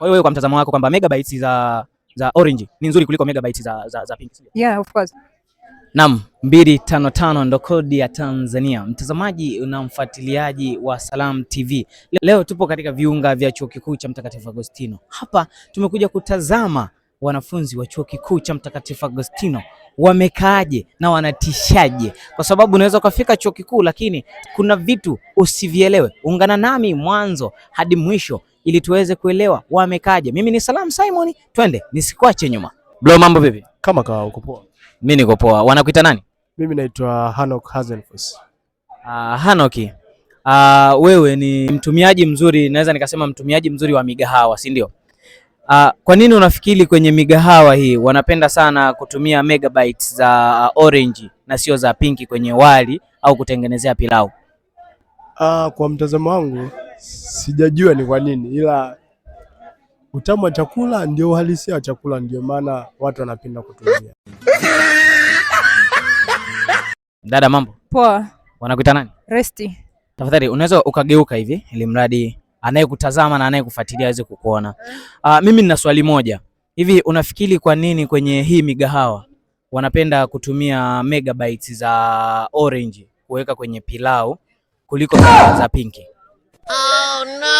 Kwa hiyo wewe kwa mtazamo wako kwamba megabytes za za orange ni nzuri kuliko megabytes za za, za pink. Yeah, of course. Naam, 255 ndo kodi ya Tanzania. Mtazamaji na mfuatiliaji wa Salam TV, leo tupo katika viunga vya chuo kikuu cha Mtakatifu Agostino. Hapa tumekuja kutazama wanafunzi wa chuo kikuu cha Mtakatifu Agostino wamekaaje na wanatishaje, kwa sababu unaweza ukafika chuo kikuu lakini kuna vitu usivielewe. Ungana nami mwanzo hadi mwisho ili tuweze kuelewa wamekaje. Mimi ni Salam Simon, twende nisikwache nyuma. Bro, mambo vipi? Kama kawa uko poa? Mimi niko poa. Wanakuita nani? Mimi naitwa Hanok Hazenfus. Uh, ah, Hanoki, uh, ah, wewe ni mtumiaji mzuri, naweza nikasema mtumiaji mzuri wa migahawa, si ndio? Uh, kwa nini unafikiri kwenye migahawa hii wanapenda sana kutumia megabytes za orange na sio za pinki kwenye wali au kutengenezea pilau? Uh, kwa mtazamo wangu sijajua ni kwa nini, ila utamu wa chakula ndio uhalisia wa chakula, ndio maana watu wanapenda kutumia. Dada, mambo poa. Wanakuita nani? Resti. Tafadhali unaweza ukageuka hivi ili mradi anayekutazama na anayekufuatilia aweze kukuona. Uh, mimi nina swali moja hivi, unafikiri kwa nini kwenye hii migahawa wanapenda kutumia megabytes za orange kuweka kwenye pilau kuliko za pinki? Oh no!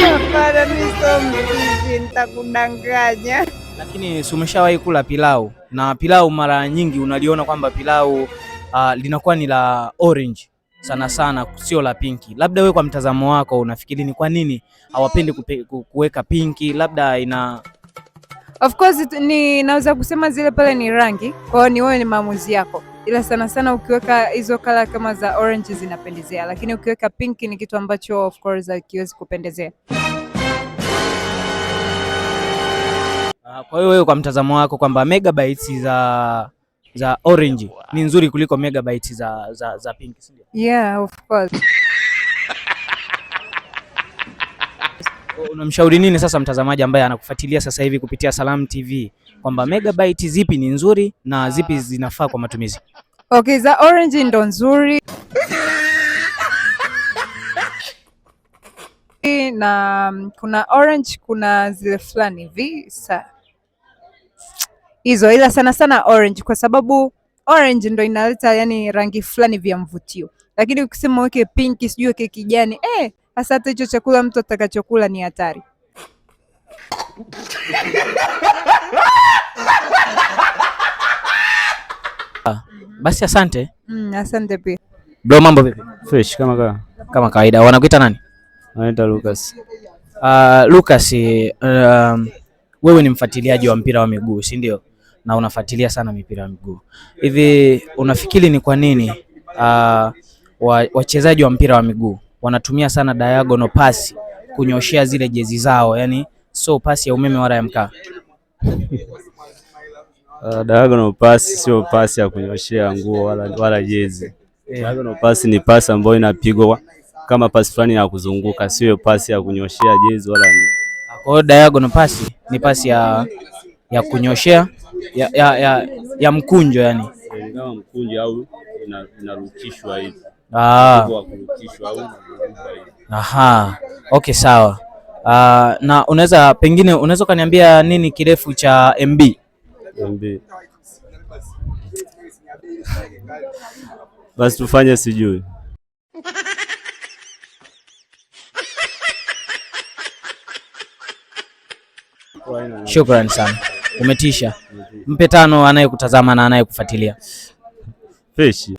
Hapana, miso mbizi, nitakudanganya. Lakini si umeshawahi kula pilau? Na pilau mara nyingi unaliona kwamba pilau uh, linakuwa ni la orange sana mm. sana, sio la pinki. Labda we kwa mtazamo wako unafikiri ni kwa nini hawapendi kuweka pinki? Labda ina of course, ni naweza kusema zile pale ni rangi, kwa ni wewe, ni maamuzi yako ila sana sana ukiweka hizo kala kama za orange zinapendezea, lakini ukiweka pinki ni kitu ambacho of course hakiwezi kupendezea. Ah, kwa hiyo wewe, kwa mtazamo wako kwamba megabytes za za orange ni nzuri kuliko megabytes za za, za pink, si Yeah, of course. Unamshauri nini sasa mtazamaji ambaye anakufuatilia sasa hivi kupitia Salam TV kwamba megabyte zipi ni nzuri na zipi zinafaa kwa matumizi? Okay, za orange ndo nzuri na kuna orange, kuna zile fulani hivi sa hizo, ila sana sana orange kwa sababu orange ndo inaleta yani rangi fulani vya mvutio, lakini ukisema weke pinki sijui weke kijani eh, Hasa hata hicho chakula mtu atakachokula ni hatari. Basi asante. Mm, asante pia. Bro, mambo vipi? Fresh kama kawa. Kama kawaida. Wanakuita nani? Wanaita Lucas. Uh, Lucas, eh, um, wewe ni mfuatiliaji wa mpira wa miguu, si ndio? Na unafuatilia sana mipira ya miguu. Hivi unafikiri ni kwa nini uh, wachezaji wa mpira wa miguu wanatumia sana diagonal pasi kunyoshea zile jezi zao, yani so pasi ya umeme wala ya mkaa. Uh, diagonal pasi sio pasi ya kunyoshea nguo wala, wala jezi yeah. Diagonal pass ni pasi ambayo inapigwa kama pasi fulani ya kuzunguka, sio pasi ya kunyoshea jezi wala kwa hiyo diagonal pass ni pasi ya ya kunyoshea ya, ya, ya, ya mkunjo yani eh, kama mkunjo au inarukishwa hivi. Ah. Aha. Okay, sawa. Uh, na unaweza pengine unaweza ukaniambia nini kirefu cha MB? MB. Basi tufanye sijui. Shukrani sana. Umetisha. Mpe tano anayekutazama na anayekufuatilia. Fish.